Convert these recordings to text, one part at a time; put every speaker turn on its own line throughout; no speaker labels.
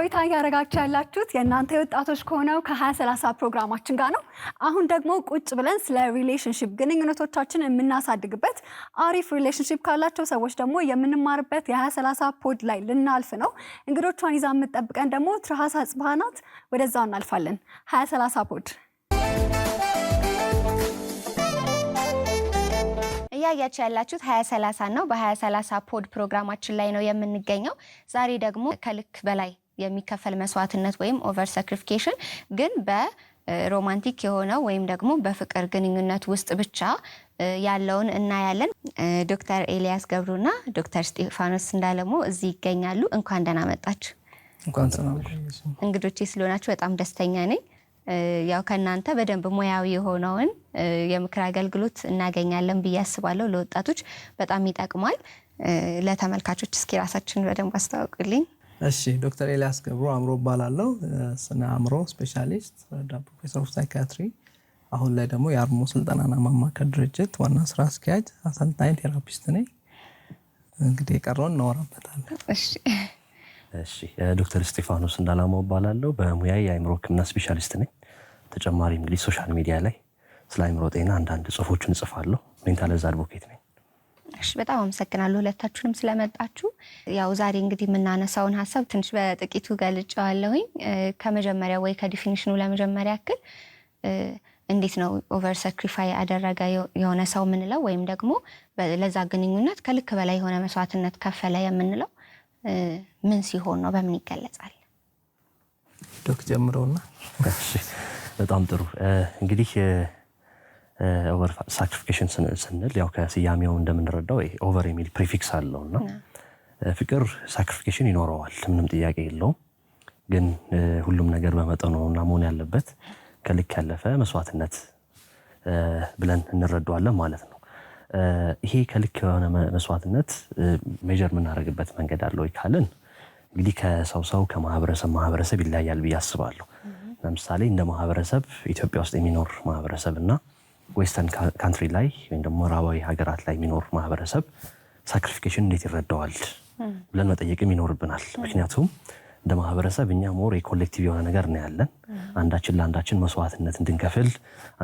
ቆይታ እያደረጋችሁ ያላችሁት የእናንተ የወጣቶች ከሆነው ከ ሰላሳ ፕሮግራማችን ጋር ነው። አሁን ደግሞ ቁጭ ብለን ስለ ሪሌሽንሽፕ ግንኙነቶቻችን የምናሳድግበት አሪፍ ሪሌሽንሽፕ ካላቸው ሰዎች ደግሞ የምንማርበት የ ሰላሳ ፖድ ላይ ልናልፍ ነው። እንግዶቿን ይዛ የምጠብቀን ደግሞ ትርሃሳ ጽባህ ናት። ወደዛው እናልፋለን። ሀያ ፖድ እያያቸው ያላችሁት ሀያ ነው። በ ሰላሳ ፖድ ፕሮግራማችን ላይ ነው የምንገኘው። ዛሬ ደግሞ ከልክ በላይ የሚከፈል መስዋዕትነት ወይም ኦቨር ሳክሪፊኬሽን ግን በሮማንቲክ የሆነው ወይም ደግሞ በፍቅር ግንኙነት ውስጥ ብቻ ያለውን እናያለን። ዶክተር ኤልያስ ገብሩና ዶክተር እስጢፋኖስ እንዳለሞ እዚህ ይገኛሉ። እንኳን ደህና መጣችሁ። እንግዶቼ ስለሆናችሁ በጣም ደስተኛ ነኝ። ያው ከእናንተ በደንብ ሙያዊ የሆነውን የምክር አገልግሎት እናገኛለን ብዬ አስባለሁ። ለወጣቶች በጣም ይጠቅማል። ለተመልካቾች እስኪ ራሳችን በደንብ አስተዋውቁልኝ።
እሺ ዶክተር ኤልያስ ገብሩ አእምሮ እባላለሁ። ስነ አእምሮ ስፔሻሊስት፣ ረዳት ፕሮፌሰር ኦፍ ሳይካትሪ፣ አሁን ላይ ደግሞ የአርሞ ስልጠናና ማማከር ድርጅት ዋና ስራ አስኪያጅ፣ አሰልጣኝ ቴራፒስት ነኝ። እንግዲህ የቀረውን እናወራበታለን።
ዶክተር እስጢፋኖስ እንዳላማው እባላለሁ። በሙያ የአእምሮ ሕክምና ስፔሻሊስት ነኝ። ተጨማሪ እንግዲህ ሶሻል ሚዲያ ላይ ስለ አእምሮ ጤና አንዳንድ ጽሁፎችን እጽፋለሁ። ሜንታል አድቮኬት ነኝ።
እሺ በጣም አመሰግናለሁ ሁለታችሁንም ስለመጣችሁ። ያው ዛሬ እንግዲህ የምናነሳውን ሀሳብ ትንሽ በጥቂቱ ገልጨዋለሁኝ። ከመጀመሪያ ወይ ከዲፊኒሽኑ ለመጀመሪያ ያክል እንዴት ነው ኦቨር ሳክሪፋይ ያደረገ የሆነ ሰው የምንለው ወይም ደግሞ ለዛ ግንኙነት ከልክ በላይ የሆነ መስዋዕትነት ከፈለ የምንለው ምን ሲሆን ነው? በምን ይገለጻል?
ዶክ ጀምረውና
በጣም ጥሩ እንግዲህ ኦቨር ሳክሪፊኬሽን ስንል ያው ከስያሜው እንደምንረዳው ኦቨር የሚል ፕሪፊክስ አለው እና ፍቅር ሳክሪፊኬሽን ይኖረዋል፣ ምንም ጥያቄ የለውም። ግን ሁሉም ነገር በመጠኑ እና መሆን ያለበት ከልክ ያለፈ መስዋዕትነት ብለን እንረዳዋለን ማለት ነው። ይሄ ከልክ የሆነ መስዋዕትነት ሜጀር የምናደርግበት መንገድ አለ ወይ ካልን እንግዲህ ከሰው ሰው ከማህበረሰብ ማህበረሰብ ይለያያል ብዬ አስባለሁ። ለምሳሌ እንደ ማህበረሰብ ኢትዮጵያ ውስጥ የሚኖር ማህበረሰብ እና ዌስተርን ካንትሪ ላይ ወይም ደግሞ ምዕራባዊ ሀገራት ላይ የሚኖር ማህበረሰብ ሳክሪፊኬሽን እንዴት ይረዳዋል ብለን መጠየቅም ይኖርብናል። ምክንያቱም እንደ ማህበረሰብ እኛ ሞር የኮሌክቲቭ የሆነ ነገር እናያለን። አንዳችን ለአንዳችን መስዋዕትነት እንድንከፍል፣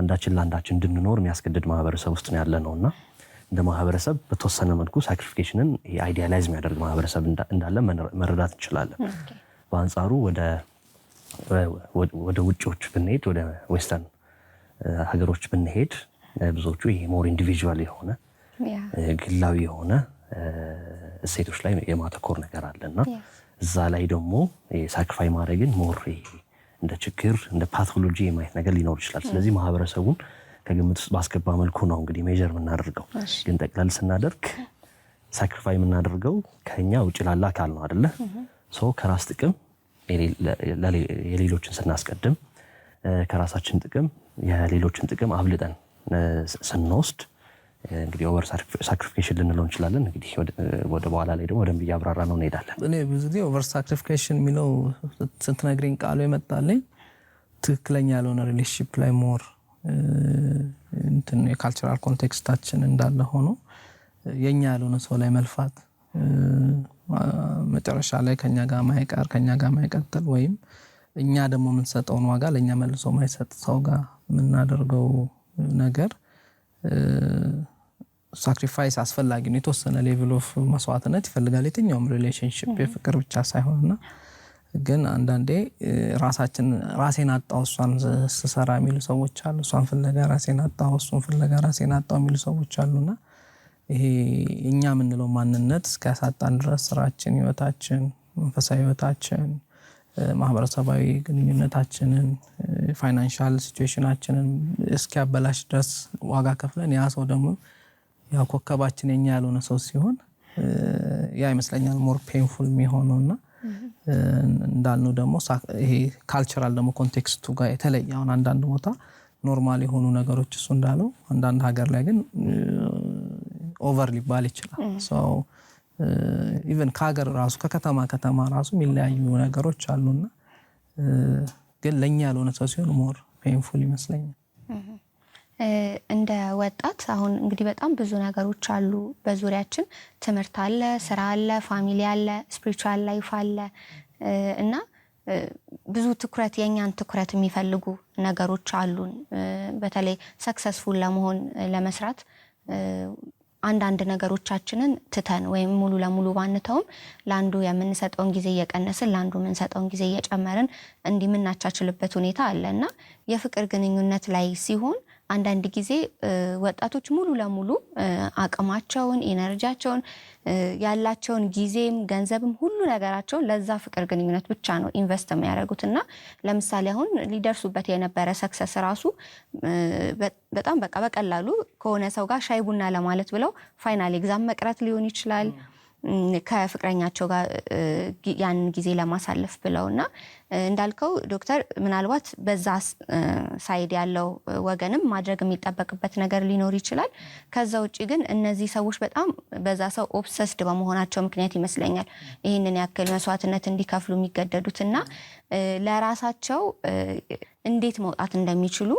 አንዳችን ለአንዳችን እንድንኖር የሚያስገድድ ማህበረሰብ ውስጥ ነው ያለ ነው እና እንደ ማህበረሰብ በተወሰነ መልኩ ሳክሪፊኬሽንን አይዲያላይዝ የሚያደርግ ማህበረሰብ እንዳለ መረዳት እንችላለን። በአንጻሩ ወደ ውጭዎች ብንሄድ ወደ ዌስተርን ሀገሮች ብንሄድ ብዙዎቹ ይሄ ሞር ኢንዲቪዥዋል የሆነ ግላዊ የሆነ እሴቶች ላይ የማተኮር ነገር አለ እና እዛ ላይ ደግሞ ሳክሪፋይ ማድረግን ሞር እንደ ችግር እንደ ፓቶሎጂ የማየት ነገር ሊኖር ይችላል። ስለዚህ ማህበረሰቡን ከግምት ውስጥ ባስገባ መልኩ ነው እንግዲህ ሜዥር የምናደርገው። ግን ጠቅላል ስናደርግ ሳክሪፋይ የምናደርገው ከኛ ውጭ ላለ አካል ነው አደለ? ሰው ከራስ ጥቅም የሌሎችን ስናስቀድም ከራሳችን ጥቅም የሌሎችን ጥቅም አብልጠን ስንወስድ እንግዲህ ኦቨር ሳክሪፊኬሽን ልንለው እንችላለን። እንግዲህ ወደ በኋላ ላይ ደግሞ ወደንብ እያብራራ ነው እንሄዳለን።
እኔ ብዙ ጊዜ ኦቨር ሳክሪፊኬሽን የሚለው ስትነግረኝ ቃሉ የመጣልኝ ትክክለኛ ያልሆነ ሪሌሽንሽፕ ላይ ሞር የካልቸራል ኮንቴክስታችን እንዳለ ሆኖ የኛ ያልሆነ ሰው ላይ መልፋት መጨረሻ ላይ ከኛ ጋር ማይቀር ከኛ ጋር ማይቀጥል ወይም እኛ ደግሞ የምንሰጠውን ዋጋ ለእኛ መልሶ ማይሰጥ ሰው ጋር የምናደርገው ነገር ሳክሪፋይስ አስፈላጊ ነው። የተወሰነ ሌቭል ኦፍ መስዋዕትነት ይፈልጋል የትኛውም ሪሌሽንሽፕ የፍቅር ብቻ ሳይሆንና ግን አንዳንዴ ራሳችን ራሴን አጣው እሷን ስሰራ የሚሉ ሰዎች አሉ። እሷን ፍለጋ ራሴን አጣው፣ እሱን ፍለጋ ራሴን አጣው የሚሉ ሰዎች አሉና ይሄ እኛ የምንለው ማንነት እስኪያሳጣን ድረስ ስራችን፣ ህይወታችን፣ መንፈሳዊ ህይወታችን ማህበረሰባዊ ግንኙነታችንን ፋይናንሻል ሲትዌሽናችንን እስኪያበላሽ ድረስ ዋጋ ከፍለን ያ ሰው ደግሞ ያው ኮከባችን የኛ ያልሆነ ሰው ሲሆን ያ ይመስለኛል ሞር ፔንፉል የሚሆነው እና እንዳልነው ደግሞ ይሄ ካልቸራል ደግሞ ኮንቴክስቱ ጋር የተለየ አሁን አንዳንድ ቦታ ኖርማል የሆኑ ነገሮች እሱ እንዳለው አንዳንድ ሀገር ላይ ግን ኦቨር ሊባል ይችላል። ኢቨን ከሀገር ራሱ ከከተማ ከተማ ራሱ የሚለያዩ ነገሮች አሉና ግን ለእኛ ያልሆነ ሰው ሲሆን ሞር ፔንፉል ይመስለኛል።
እንደ ወጣት አሁን እንግዲህ በጣም ብዙ ነገሮች አሉ በዙሪያችን። ትምህርት አለ፣ ስራ አለ፣ ፋሚሊ አለ፣ ስፒሪቹዋል ላይፍ አለ እና ብዙ ትኩረት የእኛን ትኩረት የሚፈልጉ ነገሮች አሉን። በተለይ ሰክሰስፉል ለመሆን ለመስራት አንዳንድ ነገሮቻችንን ትተን ወይም ሙሉ ለሙሉ ባንተውም ለአንዱ የምንሰጠውን ጊዜ እየቀነስን ለአንዱ የምንሰጠውን ጊዜ እየጨመርን እንዲህ የምናቻችልበት ሁኔታ አለ እና የፍቅር ግንኙነት ላይ ሲሆን አንዳንድ ጊዜ ወጣቶች ሙሉ ለሙሉ አቅማቸውን፣ ኤነርጂያቸውን፣ ያላቸውን ጊዜም፣ ገንዘብም ሁሉ ነገራቸውን ለዛ ፍቅር ግንኙነት ብቻ ነው ኢንቨስት የሚያደርጉት እና ለምሳሌ አሁን ሊደርሱበት የነበረ ሰክሰስ ራሱ በጣም በቃ በቀላሉ ከሆነ ሰው ጋር ሻይ ቡና ለማለት ብለው ፋይናል ኤግዛም መቅረት ሊሆን ይችላል። ከፍቅረኛቸው ጋር ያንን ጊዜ ለማሳለፍ ብለው እና እንዳልከው ዶክተር ምናልባት በዛ ሳይድ ያለው ወገንም ማድረግ የሚጠበቅበት ነገር ሊኖር ይችላል። ከዛ ውጭ ግን እነዚህ ሰዎች በጣም በዛ ሰው ኦብሰስድ በመሆናቸው ምክንያት ይመስለኛል ይህንን ያክል መስዋዕትነት እንዲከፍሉ የሚገደዱት እና ለራሳቸው እንዴት መውጣት እንደሚችሉ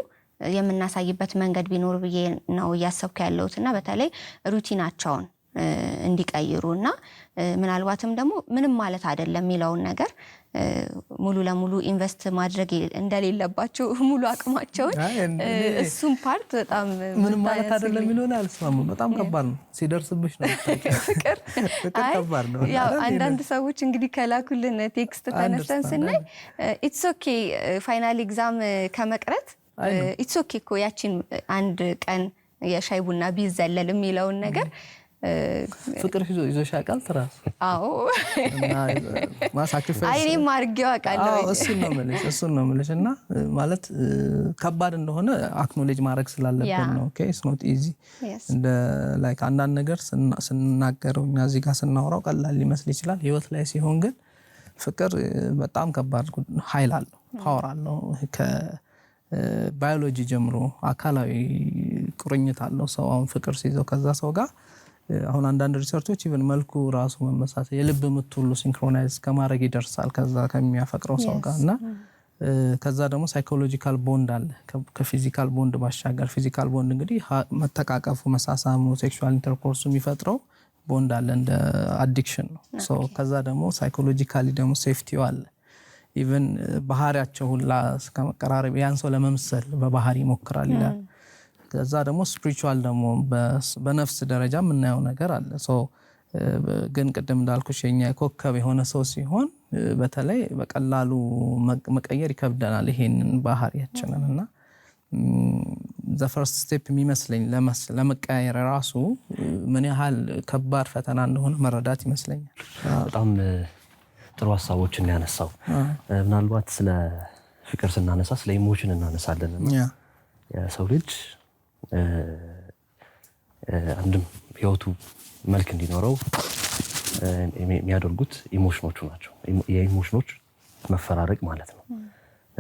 የምናሳይበት መንገድ ቢኖር ብዬ ነው እያሰብኩ ያለሁት እና በተለይ ሩቲናቸውን እንዲቀይሩ እና ምናልባትም ደግሞ ምንም ማለት አይደለም የሚለውን ነገር ሙሉ ለሙሉ ኢንቨስት ማድረግ እንደሌለባቸው ሙሉ አቅማቸውን እሱም ፓርት በጣም
ምንም ማለት አይደለም የሚለውን አልስማማም። በጣም ከባድ ነው፣ ሲደርስብሽ ነው ፍቅር ከባድ ነው።
ያው አንዳንድ ሰዎች እንግዲህ ከላኩልን ቴክስት ተነስተን ስናይ ኢትስ ኦኬ ፋይናል ኤግዛም ከመቅረት ኢትስ ኦኬ እኮ ያቺን አንድ ቀን የሻይ ቡና ቢዘለል የሚለውን ነገር
ፍቅር ይዞ ይዞሽ ያውቃል ትራስ? አዎ
ማሳክፈ አይኔም አድርጌው
አውቃለሁ። እሱን ነው የምልሽ እሱን ነው የምልሽ። እና ማለት ከባድ እንደሆነ አክኖሌጅ ማድረግ ስላለብን ነው። ኦኬ ኢትስ ኖት ኢዚ። እንደ ላይክ አንዳንድ ነገር ስናገረው እኛ እዚህ ጋር ስናወራው ቀላል ሊመስል ይችላል። ህይወት ላይ ሲሆን ግን ፍቅር በጣም ከባድ ኃይል አለው፣ ፓወር አለው። ከባዮሎጂ ጀምሮ አካላዊ ቁርኝት አለው ሰው አሁን ፍቅር ሲይዘው ከዛ ሰው ጋር አሁን አንዳንድ ሪሰርቾች ኢቨን መልኩ ራሱ መመሳሰ የልብ ምት ሁሉ ሲንክሮናይዝ ከማድረግ ይደርሳል ከዛ ከሚያፈቅረው ሰው ጋር እና ከዛ ደግሞ ሳይኮሎጂካል ቦንድ አለ ከፊዚካል ቦንድ ባሻገር። ፊዚካል ቦንድ እንግዲህ መተቃቀፉ፣ መሳሳሙ፣ ሴክሹዋል ኢንተርኮርሱ የሚፈጥረው ቦንድ አለ እንደ አዲክሽን ነው። ከዛ ደግሞ ሳይኮሎጂካሊ ደግሞ ሴፍቲው አለ። ኢቨን ባህሪያቸው ሁላ እስከመቀራረብ ያን ሰው ለመምሰል በባህሪ ይሞክራል ይላል hmm. ከዛ ደግሞ ስፕሪቹዋል ደግሞ በነፍስ ደረጃ የምናየው ነገር አለ። ግን ቅድም እንዳልኩሽ የኛ ኮከብ የሆነ ሰው ሲሆን በተለይ በቀላሉ መቀየር ይከብደናል ይሄንን ባህሪያችንን እና ዘፈርስት ስቴፕ የሚመስለኝ ለመቀያየር ራሱ ምን ያህል ከባድ ፈተና እንደሆነ መረዳት ይመስለኛል።
በጣም ጥሩ ሀሳቦችን ያነሳው። ምናልባት ስለ ፍቅር ስናነሳ ስለ ኢሞሽን እናነሳለን። የሰው ልጅ አንድም ህይወቱ መልክ እንዲኖረው የሚያደርጉት ኢሞሽኖቹ ናቸው። የኢሞሽኖች መፈራረቅ ማለት ነው።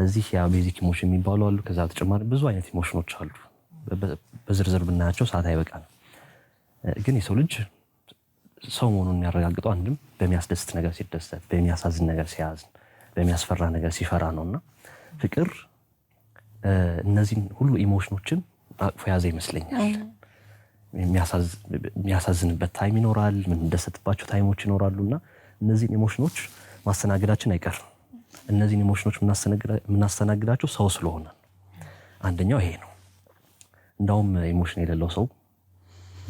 እዚህ ያ ቤዚክ ኢሞሽን የሚባሉ አሉ። ከዛ በተጨማሪ ብዙ አይነት ኢሞሽኖች አሉ። በዝርዝር ብናያቸው ሰዓት አይበቃንም። ግን የሰው ልጅ ሰው መሆኑን የሚያረጋግጠው አንድም በሚያስደስት ነገር ሲደሰት፣ በሚያሳዝን ነገር ሲያዝን፣ በሚያስፈራ ነገር ሲፈራ ነው እና ፍቅር እነዚህን ሁሉ ኢሞሽኖችን አቅፎ የያዘ ይመስለኛል። የሚያሳዝንበት ታይም ይኖራል፣ የምንደሰትባቸው ታይሞች ይኖራሉ እና እነዚህን ኢሞሽኖች ማስተናገዳችን አይቀርም። እነዚህን ኢሞሽኖች የምናስተናግዳቸው ሰው ስለሆነ አንደኛው ይሄ ነው። እንዳውም ኢሞሽን የሌለው ሰው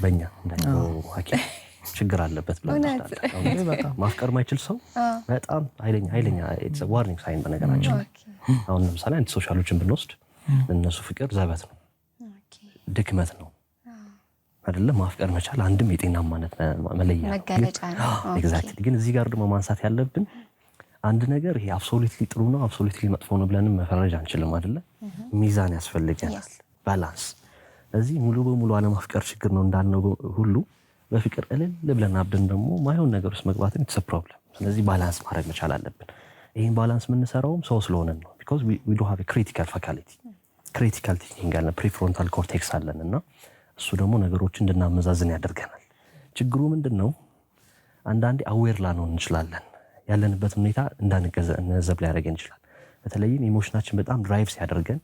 በእኛ እንዳይለው ችግር አለበት ብላ ማፍቀር ማይችል ሰው በጣም ኃይለኛ ኃይለኛ ዋርኒንግ ሳይን በነገራችን አሁን ለምሳሌ አንድ ሶሻሎችን ብንወስድ እነሱ ፍቅር ዘበት ነው ድክመት ነው አይደለም። ማፍቀር መቻል አንድም የጤናማነት መለያ ነው። ግን እዚህ ጋር ደግሞ ማንሳት ያለብን አንድ ነገር ይሄ አብሶሉትሊ ጥሩ ነው አብሶሉትሊ መጥፎ ነው ብለንም መፈረጅ አንችልም። አይደለም ሚዛን ያስፈልገናል፣ ባላንስ። እዚህ ሙሉ በሙሉ አለማፍቀር ችግር ነው እንዳልነው ሁሉ በፍቅር እልል ብለን አብደን ደግሞ ማይሆን ነገር ውስጥ መግባትን ኢትስ ፕሮብለም። ስለዚህ ባላንስ ማድረግ መቻል አለብን። ይህን ባላንስ የምንሰራውም ሰው ስለሆነን ነው። ቢኮዝ ዊ ዶ ሃቭ ክሪቲካል ፋካሊቲ ክሪቲካል ቲንኪንግ አለን፣ ፕሪፍሮንታል ኮርቴክስ አለን እና እሱ ደግሞ ነገሮችን እንድናመዛዝን ያደርገናል። ችግሩ ምንድን ነው? አንዳንዴ አዌር ላንሆን እንችላለን። ያለንበት ሁኔታ እንዳንገነዘብ ሊያደርገን ይችላል። በተለይም ኢሞሽናችን በጣም ድራይቭ ሲያደርገን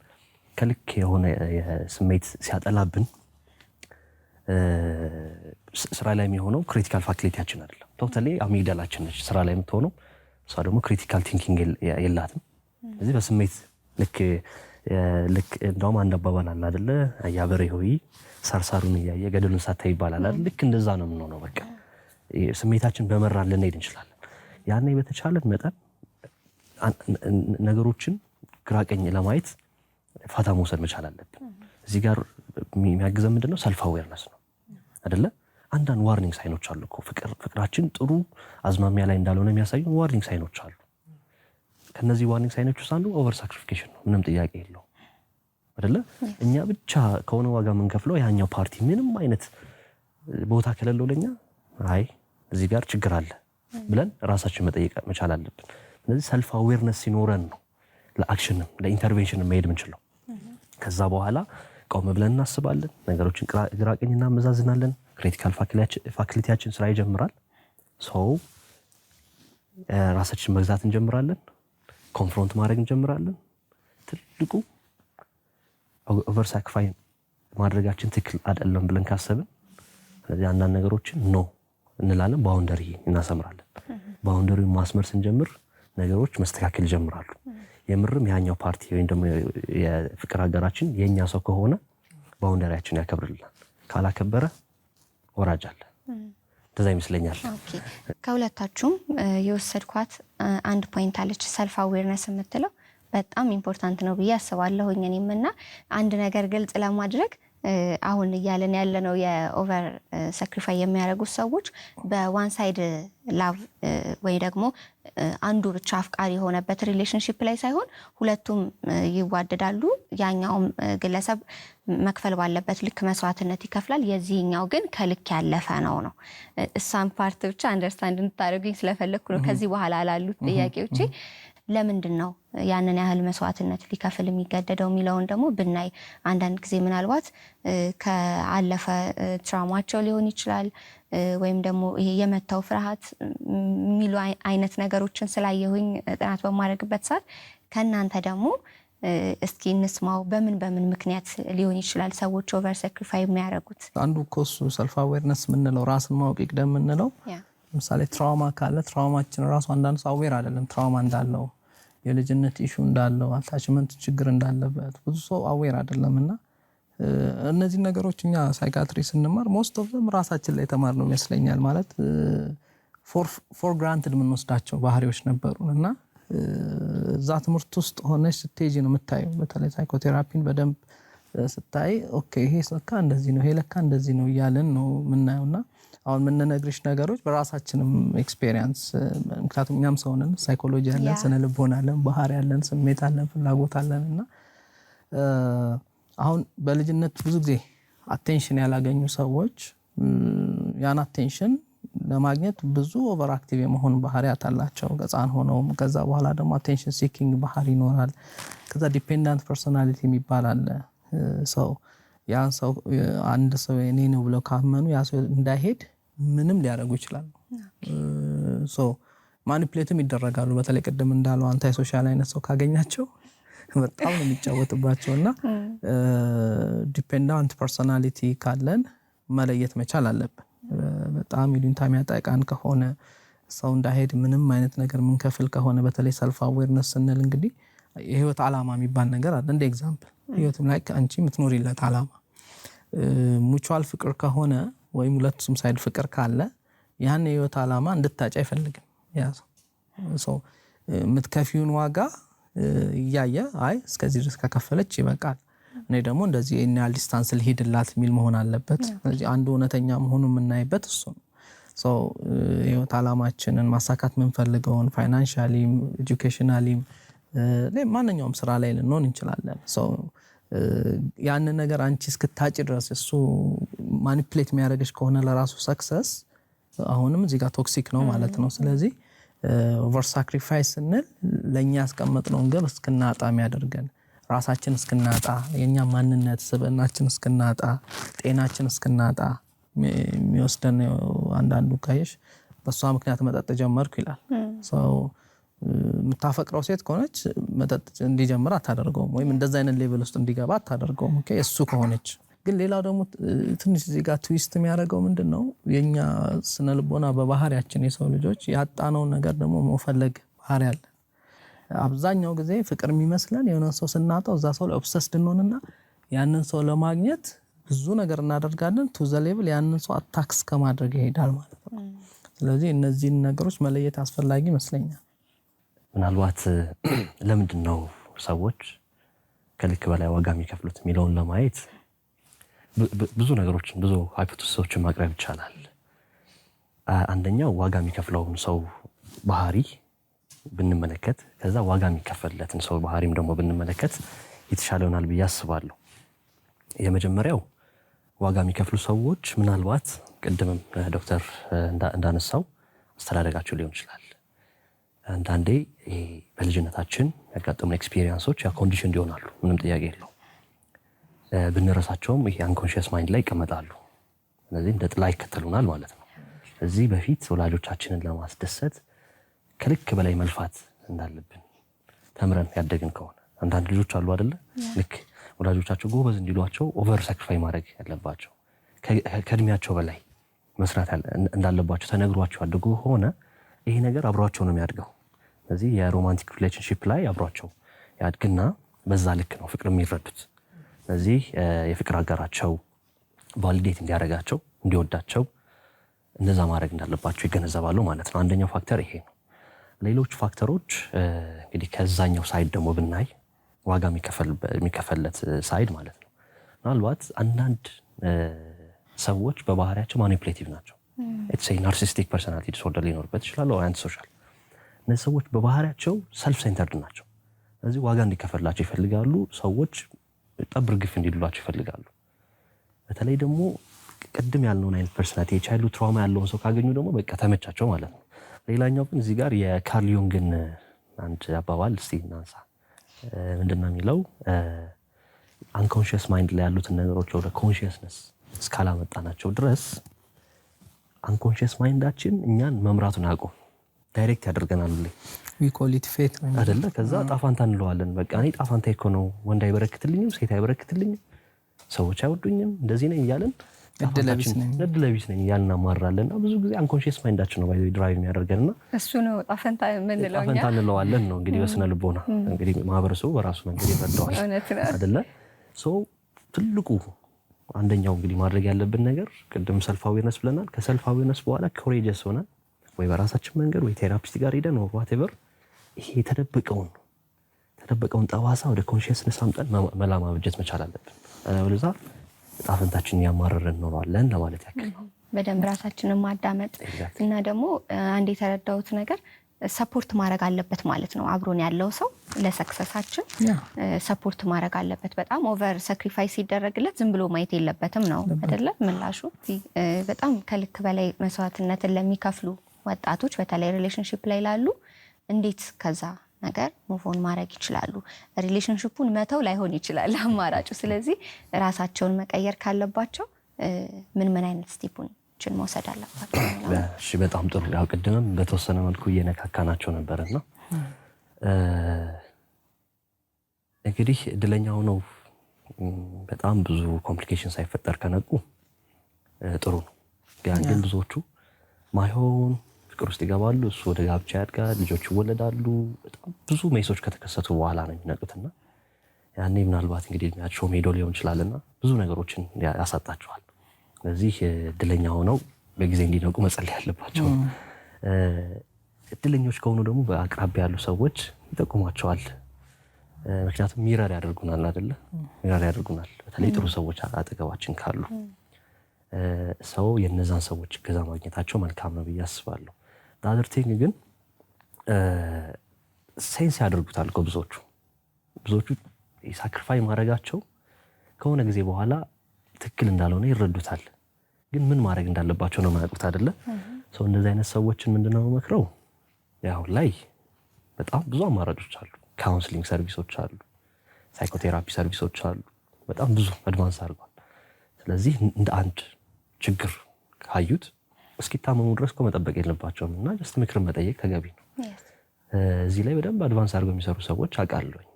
ከልክ የሆነ ስሜት ሲያጠላብን ስራ ላይ የሚሆነው ክሪቲካል ፋክሊቲያችን አይደለም። ቶታሊ አሚግዳላችን ነች ስራ ላይ የምትሆነው እሷ ደግሞ ክሪቲካል ቲንኪንግ የላትም። ስለዚህ በስሜት ልክ ልክ እንደውም አንድ አባባል አለ አይደለ? ያበሬ ሆይ ሳርሳሩን እያየ ገደሉን ሳተ ይባላል አይደል? ልክ እንደዛ ነው የምንሆነው። በቃ ስሜታችን በመራን ልንሄድ እንችላለን። ያኔ በተቻለን መጠን ነገሮችን ግራቀኝ ለማየት ፋታ መውሰድ መቻል አለብን። እዚህ ጋር የሚያግዘን ነው? ሰልፍ አዌርነስ ነው አደለ? አንዳንድ ዋርኒንግ ሳይኖች አሉ እኮ ፍቅራችን ጥሩ አዝማሚያ ላይ እንዳልሆነ የሚያሳዩ ዋርኒንግ ሳይኖች አሉ። ከነዚህ ዋርኒንግ ሳይኖች ውስጥ አንዱ ኦቨር ሳክሪፊኬሽን ነው። ምንም ጥያቄ የለው አይደለ? እኛ ብቻ ከሆነ ዋጋ የምንከፍለው ያኛው ፓርቲ ምንም አይነት ቦታ ከሌለው ለኛ አይ እዚህ ጋር ችግር አለ ብለን ራሳችን መጠየቅ መቻል አለብን። ስለዚህ ሰልፍ አዌርነስ ሲኖረን ነው ለአክሽንም ለኢንተርቬንሽንም መሄድ የምንችለው። ከዛ በኋላ ቆም ብለን እናስባለን፣ ነገሮችን ግራ ቀኝ እናመዛዝናለን። ክሪቲካል ፋክሊቲያችን ስራ ይጀምራል። ሰው ራሳችን መግዛት እንጀምራለን። ኮንፍሮንት ማድረግ እንጀምራለን። ትልቁ ኦቨር ሳክፋይ ማድረጋችን ትክክል አይደለም ብለን ካሰብን፣ ስለዚህ አንዳንድ ነገሮችን ኖ እንላለን፣ ባውንደሪ እናሰምራለን። ባውንደሪውን ማስመር ስንጀምር ነገሮች መስተካከል ይጀምራሉ። የምርም ያኛው ፓርቲ ወይም ደግሞ የፍቅር ሀገራችን የእኛ ሰው ከሆነ ባውንደሪያችን ያከብርልናል። ካላከበረ ወራጅ አለ። እንደዛ ይመስለኛል።
ከሁለታችሁም የወሰድኳት አንድ ፖይንት አለች፣ ሰልፍ አዌርነስ የምትለው በጣም ኢምፖርታንት ነው ብዬ አስባለሁኝ እኔም እና አንድ ነገር ግልጽ ለማድረግ አሁን እያለን ነው የኦቨር ሰክሪፋይ የሚያደርጉት ሰዎች በዋን ሳይድ ላቭ ወይ ደግሞ አንዱ ብቻ አፍቃሪ የሆነበት ሪሌሽንሽፕ ላይ ሳይሆን ሁለቱም ይዋደዳሉ። ያኛውም ግለሰብ መክፈል ባለበት ልክ መስዋዕትነት ይከፍላል። የዚህኛው ግን ከልክ ያለፈ ነው ነው እሷን ፓርት ብቻ አንደርስታንድ እንድታደርጉኝ ስለፈለግኩ ነው። ከዚህ በኋላ ላሉት ጥያቄዎቼ ለምንድን ነው ያንን ያህል መስዋዕትነት ሊከፍል የሚገደደው የሚለውን ደግሞ ብናይ አንዳንድ ጊዜ ምናልባት ከአለፈ ትራማቸው ሊሆን ይችላል ወይም ደግሞ ይሄ የመታው ፍርሃት የሚሉ አይነት ነገሮችን ስላየሁኝ ጥናት በማድረግበት ሰዓት ከእናንተ ደግሞ እስኪ እንስማው። በምን በምን ምክንያት ሊሆን ይችላል ሰዎች ኦቨር ሰክሪፋይ የሚያደርጉት?
አንዱ እኮ እሱ ሰልፍ አዌርነስ የምንለው ራስን ማወቅ ይቅደም የምንለው ለምሳሌ ትራውማ ካለ ትራውማችን ራሱ አንዳንድ ሰው አዌር አይደለም ትራውማ እንዳለው የልጅነት ኢሹ እንዳለው አታችመንት ችግር እንዳለበት ብዙ ሰው አዌር አይደለም እና እነዚህ ነገሮች እኛ ሳይካትሪ ስንማር ሞስት ኦፍ ዘም ራሳችን ላይ ነው ይመስለኛል። ማለት ፎር ግራንትድ የምንወስዳቸው ባህሪዎች ነበሩን እና እዛ ትምህርት ውስጥ ሆነች ስቴጅ ነው የምታየው። በተለይ ሳይኮቴራፒን በደንብ ስታይ ኦኬ ይሄ ለካ እንደዚህ ነው፣ ይሄ ለካ እንደዚህ ነው እያለን ነው የምናየው እና አሁን የምንነግርሽ ነገሮች በራሳችንም ኤክስፔሪንስ ምክንያቱም እኛም ሰውንን ሳይኮሎጂ ያለን ስነ ልቦና አለን፣ ባህሪ ያለን፣ ስሜት አለን፣ ፍላጎት አለን እና አሁን በልጅነት ብዙ ጊዜ አቴንሽን ያላገኙ ሰዎች ያን አቴንሽን ለማግኘት ብዙ ኦቨር አክቲቭ የመሆን ባህሪያት አላቸው ህፃን ሆነውም። ከዛ በኋላ ደግሞ አቴንሽን ሲኪንግ ባህሪ ይኖራል። ከዛ ዲፔንዳንት ፐርሶናሊቲ የሚባል አለ። ሰው ያን ሰው አንድ ሰው የኔ ነው ብለው ካመኑ ያ ሰው እንዳይሄድ ምንም ሊያደርጉ ይችላሉ። ሶ ማኒፕሌትም ይደረጋሉ። በተለይ ቅድም እንዳለው አንታይ ሶሻል አይነት ሰው ካገኛቸው በጣም ነው የሚጫወትባቸው እና ዲፔንዳንት ፐርሶናሊቲ ካለን መለየት መቻል አለብን። በጣም ይሉኝታ የሚያጠቃን ከሆነ ሰው እንዳሄድ ምንም አይነት ነገር ምንከፍል ከሆነ በተለይ ሰልፍ አዌርነስ ስንል እንግዲህ የህይወት አላማ የሚባል ነገር አለ። እንደ ኤግዛምፕል ህይወትም ላይ አንቺ የምትኖሪለት አላማ ሙቹዋል ፍቅር ከሆነ ወይም ሁለቱም ሳይድ ፍቅር ካለ ያን የህይወት ዓላማ እንድታጭ አይፈልግም። ሰው የምትከፊውን ዋጋ እያየ አይ እስከዚህ ድረስ ከከፈለች ይበቃል፣ እኔ ደግሞ እንደዚህ ይህን ያህል ዲስታንስ ልሄድላት የሚል መሆን አለበት። ስለዚህ አንዱ እውነተኛ መሆኑ የምናይበት እሱ ነው። ሰው የህይወት ዓላማችንን ማሳካት የምንፈልገውን ፋይናንሻሊም፣ ኤጁኬሽናሊም ማንኛውም ስራ ላይ ልንሆን እንችላለን። ያንን ነገር አንቺ እስክታጭ ድረስ እሱ ማኒፕሌት የሚያደርግሽ ከሆነ ለራሱ ሰክሰስ አሁንም እዚጋ ቶክሲክ ነው ማለት ነው። ስለዚህ ኦቨር ሳክሪፋይስ ስንል ለእኛ ያስቀመጥነውን ግብ እስክናጣ የሚያደርገን ራሳችን እስክናጣ፣ የእኛ ማንነት ስብዕናችን እስክናጣ፣ ጤናችን እስክናጣ የሚወስደን አንዳንዱ ካየሽ በእሷ ምክንያት መጠጥ ጀመርኩ ይላል። የምታፈቅረው ሴት ከሆነች መጠጥ እንዲጀምር አታደርገውም፣ ወይም እንደዚ አይነት ሌቨል ውስጥ እንዲገባ አታደርገውም። እሱ ከሆነች ግን ሌላው ደግሞ ትንሽ እዚህ ጋር ትዊስት የሚያደርገው ምንድን ነው፣ የእኛ ስነልቦና በባህሪያችን የሰው ልጆች ያጣነውን ነገር ደግሞ መፈለግ ባህሪ አለ። አብዛኛው ጊዜ ፍቅር የሚመስለን የሆነ ሰው ስናጣው እዛ ሰው ላይ ኦብሰስድ እንሆንና ያንን ሰው ለማግኘት ብዙ ነገር እናደርጋለን። ቱ ዘ ሌብል ያንን ሰው አታክስ ከማድረግ ይሄዳል ማለት ነው። ስለዚህ እነዚህን ነገሮች መለየት አስፈላጊ ይመስለኛል።
ምናልባት ለምንድን ነው ሰዎች ከልክ በላይ ዋጋ የሚከፍሉት የሚለውን ለማየት ብዙ ነገሮችን ብዙ ሃይፖቴሲሶችን ማቅረብ ይቻላል። አንደኛው ዋጋ የሚከፍለውን ሰው ባህሪ ብንመለከት፣ ከዛ ዋጋ የሚከፈልለትን ሰው ባህሪም ደግሞ ብንመለከት የተሻለ ይሆናል ብዬ አስባለሁ። የመጀመሪያው ዋጋ የሚከፍሉ ሰዎች ምናልባት ቅድምም ዶክተር እንዳነሳው አስተዳደጋቸው ሊሆን ይችላል። አንዳንዴ በልጅነታችን ያጋጠሙን ኤክስፒሪየንሶች ኮንዲሽን እንዲሆናሉ ምንም ጥያቄ የለው። ብንረሳቸውም ይሄ አንኮንሽስ ማይንድ ላይ ይቀመጣሉ። ስለዚህ እንደ ጥላ ይከተሉናል ማለት ነው። እዚህ በፊት ወላጆቻችንን ለማስደሰት ከልክ በላይ መልፋት እንዳለብን ተምረን ያደግን ከሆነ አንዳንድ ልጆች አሉ አደለ፣ ልክ ወላጆቻቸው ጎበዝ እንዲሏቸው ኦቨር ሳክሪፋይ ማድረግ ያለባቸው ከእድሜያቸው በላይ መስራት እንዳለባቸው ተነግሯቸው ያደጉ ከሆነ ይሄ ነገር አብሯቸው ነው የሚያድገው። ስለዚህ የሮማንቲክ ሪሌሽንሽፕ ላይ አብሯቸው ያድግና በዛ ልክ ነው ፍቅር የሚረዱት። ስለዚህ የፍቅር አጋራቸው ቫሊዴት እንዲያደርጋቸው እንዲወዳቸው እንደዛ ማድረግ እንዳለባቸው ይገነዘባሉ ማለት ነው። አንደኛው ፋክተር ይሄ ነው። ሌሎች ፋክተሮች እንግዲህ ከዛኛው ሳይድ ደግሞ ብናይ ዋጋ የሚከፈልለት ሳይድ ማለት ነው። ምናልባት አንዳንድ ሰዎች በባህሪያቸው ማኒፕሌቲቭ ናቸው። ናርሲስቲክ ፐርሰናሊቲ ዲስኦርደር ሊኖርበት ይችላል። አንድ ሶሻል እነዚህ ሰዎች በባህሪያቸው ሰልፍ ሴንተርድ ናቸው። ስለዚህ ዋጋ እንዲከፈላቸው ይፈልጋሉ። ሰዎች ጠብር ግፍ እንዲሉላቸው ይፈልጋሉ። በተለይ ደግሞ ቅድም ያልነውን አይነት ፐርሰናቲ የቻይልዱ ትራውማ ያለውን ሰው ካገኙ ደግሞ በቃ ተመቻቸው ማለት ነው። ሌላኛው ግን እዚህ ጋር የካርል ዩንግን አንድ አባባል እስቲ እናንሳ። ምንድን ነው የሚለው? አንኮንሽስ ማይንድ ላይ ያሉትን ነገሮች ወደ ኮንሽስነስ እስካላመጣናቸው ድረስ አንኮንሽስ ማይንዳችን እኛን መምራቱን አያውቁም። ዳይሬክት ያደርገናል አደለ? ከዛ ጣፋንታ እንለዋለን። በቃ እኔ ጣፋንታ እኮ ነው፣ ወንድ አይበረክትልኝም፣ ሴት አይበረክትልኝም፣ ሰዎች አይወዱኝም፣ እንደዚህ ነኝ እያለን እድለቢስ ነኝ እያልን እናማራለን። እና ብዙ ጊዜ አንኮንሽስ ማይንዳችን ነው ድራይቭ የሚያደርገን እና
እሱ ነው ጣፈንታ
እንለዋለን ነው እንግዲህ በስነ ልቦና እንግዲህ ማህበረሰቡ በራሱ መንገድ ይረዳዋል አደለ። ትልቁ አንደኛው እንግዲህ ማድረግ ያለብን ነገር ቅድም ሰልፍ አዌርነስ ብለናል። ከሰልፍ አዌርነስ በኋላ ኮሬጀስ ሆነን ወይ በራሳችን መንገድ ወይ ቴራፒስት ጋር ሄደን ወይ ዋቴቨር ይሄ የተደበቀውን የተደበቀውን ጠባሳ ወደ ኮንሽስነስ አምጠን መላ ማበጀት መቻል አለብን። አለበለዚያ ዕጣ ፈንታችንን ያማረርን እንኖራለን ለማለት ያክል ነው።
በደንብ ራሳችንን ማዳመጥ እና ደግሞ አንድ የተረዳሁት ነገር ሰፖርት ማድረግ አለበት ማለት ነው። አብሮን ያለው ሰው ለሰክሰሳችን ሰፖርት ማድረግ አለበት። በጣም ኦቨር ሳክሪፋይስ ሲደረግለት ዝም ብሎ ማየት የለበትም ነው አይደለም ምላሹ በጣም ከልክ በላይ መስዋዕትነትን ለሚከፍሉ ወጣቶች በተለይ ሪሌሽንሽፕ ላይ ላሉ እንዴት ከዛ ነገር ሙቮን ማድረግ ይችላሉ? ሪሌሽንሽፑን መተው ላይሆን ይችላል አማራጩ። ስለዚህ ራሳቸውን መቀየር ካለባቸው ምን ምን አይነት ስቴፖችን መውሰድ አለባቸው?
እሺ፣ በጣም ጥሩ። ያው ቅድምም በተወሰነ መልኩ እየነካካናቸው ነበርና እንግዲህ እድለኛው ነው በጣም ብዙ ኮምፕሊኬሽን ሳይፈጠር ከነቁ ጥሩ ነው። ግን ብዙዎቹ ማይሆን ፍቅር ውስጥ ይገባሉ። እሱ ወደ ጋብቻ ያድጋል፣ ልጆች ይወለዳሉ። በጣም ብዙ ሜሶች ከተከሰቱ በኋላ ነው የሚነቁትና ያኔ ምናልባት እንግዲህ እድሜያቸው ሄዶ ሊሆን ይችላልና ብዙ ነገሮችን ያሳጣቸዋል። ስለዚህ እድለኛ ሆነው በጊዜ እንዲነቁ መጸለይ ያለባቸው። እድለኞች ከሆኑ ደግሞ በአቅራቢያ ያሉ ሰዎች ይጠቁሟቸዋል። ምክንያቱም ሚረር ያደርጉናል አደለ? ሚረር ያደርጉናል። በተለይ ጥሩ ሰዎች አጠገባችን ካሉ ሰው የነዛን ሰዎች እገዛ ማግኘታቸው መልካም ነው ብዬ አስባለሁ። አዘርቴኝ ግን ሴንስ ያደርጉታል እኮ ብዙዎቹ ብዙዎቹ ማድረጋቸው ከሆነ ጊዜ በኋላ ትክክል እንዳልሆነ ይረዱታል። ግን ምን ማድረግ እንዳለባቸው ነው የማያውቁት አይደለ? ሰው እንደዚህ አይነት ሰዎችን ምንድነው መክረው ያሁን ላይ በጣም ብዙ አማራጮች አሉ። ካውንስሊንግ ሰርቪሶች አሉ፣ ሳይኮቴራፒ ሰርቪሶች አሉ። በጣም ብዙ አድቫንስ አድርጓል። ስለዚህ እንደ አንድ ችግር ካዩት እስኪታመሙ ድረስ መጠበቅ የለባቸውም እና ጀስት ምክር መጠየቅ ተገቢ ነው። እዚህ ላይ በደንብ አድቫንስ አድርገው የሚሰሩ ሰዎች አውቃለሁኝ።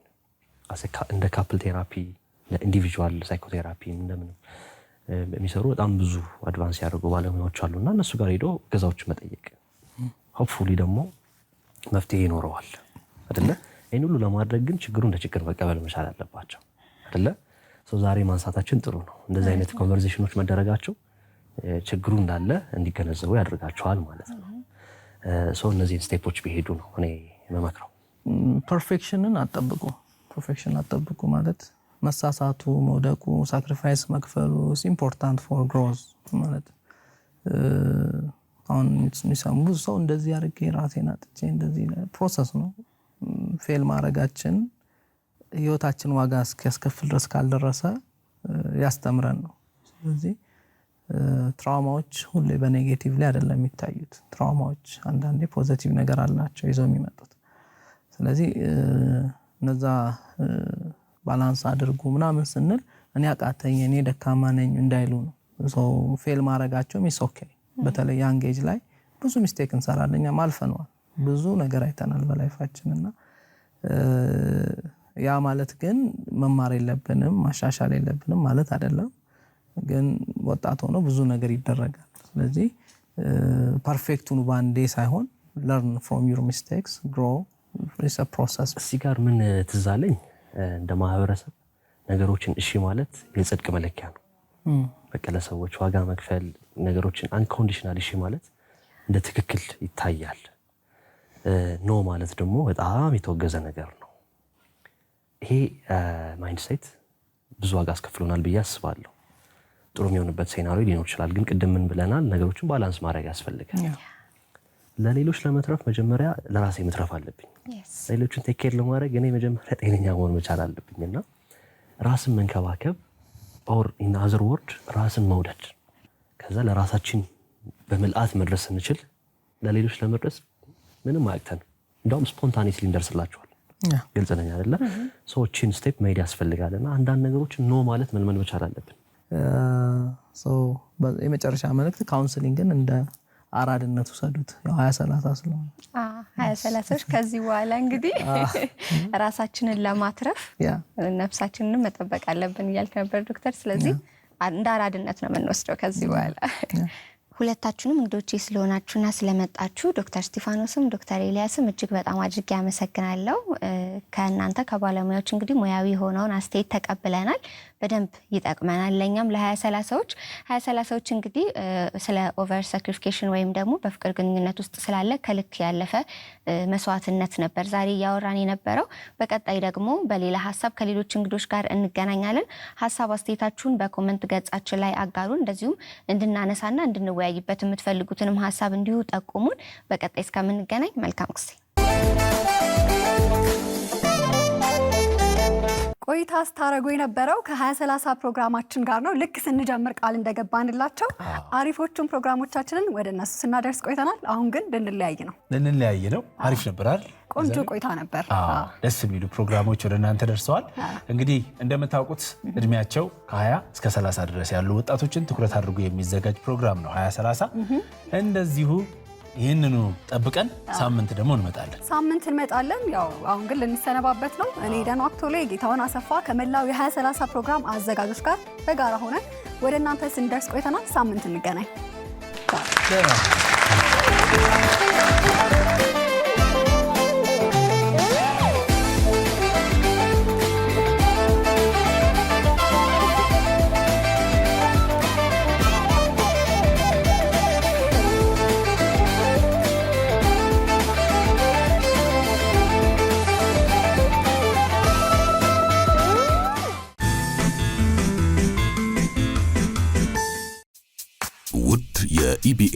እንደ ካፕል ቴራፒ፣ ኢንዲቪዥዋል ሳይኮቴራፒ እንደምን የሚሰሩ በጣም ብዙ አድቫንስ ያደርጉ ባለሙያዎች አሉ እና እነሱ ጋር ሄዶ ገዛዎች መጠየቅ ሆፕፉሊ ደግሞ መፍትሄ ይኖረዋል አይደለ? ይህን ሁሉ ለማድረግ ግን ችግሩ እንደ ችግር መቀበል መቻል አለባቸው አይደለ? ዛሬ ማንሳታችን ጥሩ ነው። እንደዚህ አይነት ኮንቨርዜሽኖች መደረጋቸው ችግሩ እንዳለ እንዲገነዘቡ ያደርጋቸዋል ማለት ነው። ሰው እነዚህን ስቴፖች ቢሄዱ ነው እኔ የምመክረው።
ፐርፌክሽንን አጠብቁ። ፐርፌክሽን አጠብቁ ማለት መሳሳቱ፣ መውደቁ፣ ሳክሪፋይስ መክፈሉ ኢምፖርታንት ፎር ግሮዝ ማለት አሁን የሚሰሙ ብዙ ሰው እንደዚህ አድርጌ ራሴን አጥቼ እንደዚህ ፕሮሰስ ነው። ፌል ማድረጋችን ህይወታችን ዋጋ እስኪያስከፍል ድረስ ካልደረሰ ያስተምረን ነው። ስለዚህ ትራውማዎች ሁሌ በኔጌቲቭ ላይ አይደለም የሚታዩት። ትራውማዎች አንዳንዴ ፖዘቲቭ ነገር አላቸው ይዘው የሚመጡት። ስለዚህ እነዛ ባላንስ አድርጉ ምናምን ስንል እኔ አቃተኝ፣ እኔ ደካማ ነኝ እንዳይሉ ነው። ሰው ፌል ማድረጋቸው ሚስ ኦኬ። በተለይ ያን ላይ ብዙ ሚስቴክ እንሰራለን፣ እኛም አልፈነዋል። ብዙ ነገር አይተናል በላይፋችን እና ያ ማለት ግን መማር የለብንም ማሻሻል የለብንም ማለት አይደለም። ግን ወጣት ሆኖ ብዙ ነገር ይደረጋል። ስለዚህ ፐርፌክቱን ባንዴ በአንዴ ሳይሆን ለርን ፍሮም ዩር ሚስቴክስ ግሮ ኢትስ አ ፕሮሰስ።
እዚህ ጋር ምን ትዝ አለኝ፣ እንደ ማህበረሰብ ነገሮችን እሺ ማለት የጽድቅ መለኪያ ነው። በቃ ለሰዎች ዋጋ መክፈል፣ ነገሮችን አንኮንዲሽናል እሺ ማለት እንደ ትክክል ይታያል። ኖ ማለት ደግሞ በጣም የተወገዘ ነገር ነው። ይሄ ማይንድሴት ብዙ ዋጋ አስከፍሎናል ብዬ አስባለሁ። ጥሩ የሚሆንበት ሴናሪዮ ሊኖር ይችላል። ግን ቅድም ምን ብለናል? ነገሮችን ባላንስ ማድረግ ያስፈልጋል። ለሌሎች ለመትረፍ መጀመሪያ ለራሴ መትረፍ አለብኝ። ሌሎችን ቴክ ኬር ለማድረግ እኔ መጀመሪያ ጤነኛ መሆን መቻል አለብኝ እና ራስን መንከባከብ ኦር ኢን አዘር ወርድ ራስን መውደድ፣ ከዛ ለራሳችን በምልአት መድረስ ስንችል ለሌሎች ለመድረስ ምንም አያቅተን፣ እንዳውም ስፖንታኒስ እንደርስላቸዋል። ግልጽ ነኝ አይደለ? ሰዎችን ስቴፕ መሄድ ያስፈልጋል እና አንዳንድ ነገሮችን ኖ ማለት መልመድ መቻል አለብን።
የመጨረሻ መልእክት ካውንስሊንግን እንደ አራድነት ውሰዱት። ሀያ ሰላሳ ስለሆነ
ሀያ ሰላሳዎች ከዚህ በኋላ እንግዲህ ራሳችንን ለማትረፍ ነፍሳችንን መጠበቅ አለብን እያልክ ነበር ዶክተር። ስለዚህ እንደ አራድነት ነው የምንወስደው ከዚህ በኋላ። ሁለታችሁንም እንግዶቼ ስለሆናችሁና ስለመጣችሁ ዶክተር ስቲፋኖስም ዶክተር ኤልያስም እጅግ በጣም አድርጌ አመሰግናለሁ። ከእናንተ ከባለሙያዎች እንግዲህ ሙያዊ የሆነውን አስተያየት ተቀብለናል። በደንብ ይጠቅመናል። ለእኛም ለሀያ ሰላሳዎች ሀያ ሰላሳዎች እንግዲህ ስለ ኦቨር ሳክሪፊኬሽን ወይም ደግሞ በፍቅር ግንኙነት ውስጥ ስላለ ከልክ ያለፈ መስዋዕትነት ነበር ዛሬ እያወራን የነበረው። በቀጣይ ደግሞ በሌላ ሀሳብ ከሌሎች እንግዶች ጋር እንገናኛለን። ሀሳብ አስተያየታችሁን በኮመንት ገጻችን ላይ አጋሩ። እንደዚሁም እንድናነሳና እንድንወያይበት የምትፈልጉትንም ሀሳብ እንዲሁ ጠቁሙን። በቀጣይ እስከምንገናኝ መልካም ጊዜ ቆይታ ስታደርጉ የነበረው ከ2030 ፕሮግራማችን ጋር ነው። ልክ ስንጀምር ቃል እንደገባንላቸው አሪፎቹን ፕሮግራሞቻችንን ወደ እነሱ ስናደርስ ቆይተናል። አሁን ግን ልንለያይ ነው።
ልንለያይ ነው። አሪፍ ነበራል
ቆንጆ ቆይታ ነበር።
ደስ የሚሉ ፕሮግራሞች ወደ እናንተ ደርሰዋል። እንግዲህ እንደምታውቁት እድሜያቸው ከ20 እስከ 30 ድረስ ያሉ ወጣቶችን ትኩረት አድርጎ የሚዘጋጅ ፕሮግራም ነው 2030 እንደዚሁ ይህንኑ ጠብቀን ሳምንት ደግሞ እንመጣለን።
ሳምንት እንመጣለን። ያው አሁን ግን ልንሰነባበት ነው። እኔ ደኑ አክቶሌ ጌታሁን አሰፋ ከመላው የ2030 ፕሮግራም አዘጋጆች ጋር በጋራ ሆነን ወደ እናንተ ስንደርስ ቆይተናል። ሳምንት እንገናኝ።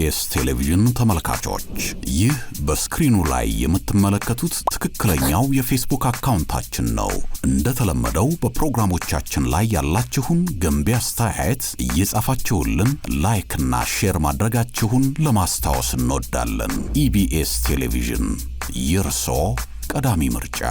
ኤስቢኤስ ቴሌቪዥን ተመልካቾች ይህ በስክሪኑ ላይ የምትመለከቱት ትክክለኛው የፌስቡክ አካውንታችን ነው። እንደተለመደው በፕሮግራሞቻችን ላይ ያላችሁን ገንቢ አስተያየት እየጻፋችሁልን ላይክና ሼር ማድረጋችሁን ለማስታወስ እንወዳለን። ኢቢኤስ ቴሌቪዥን የርሶ ቀዳሚ ምርጫ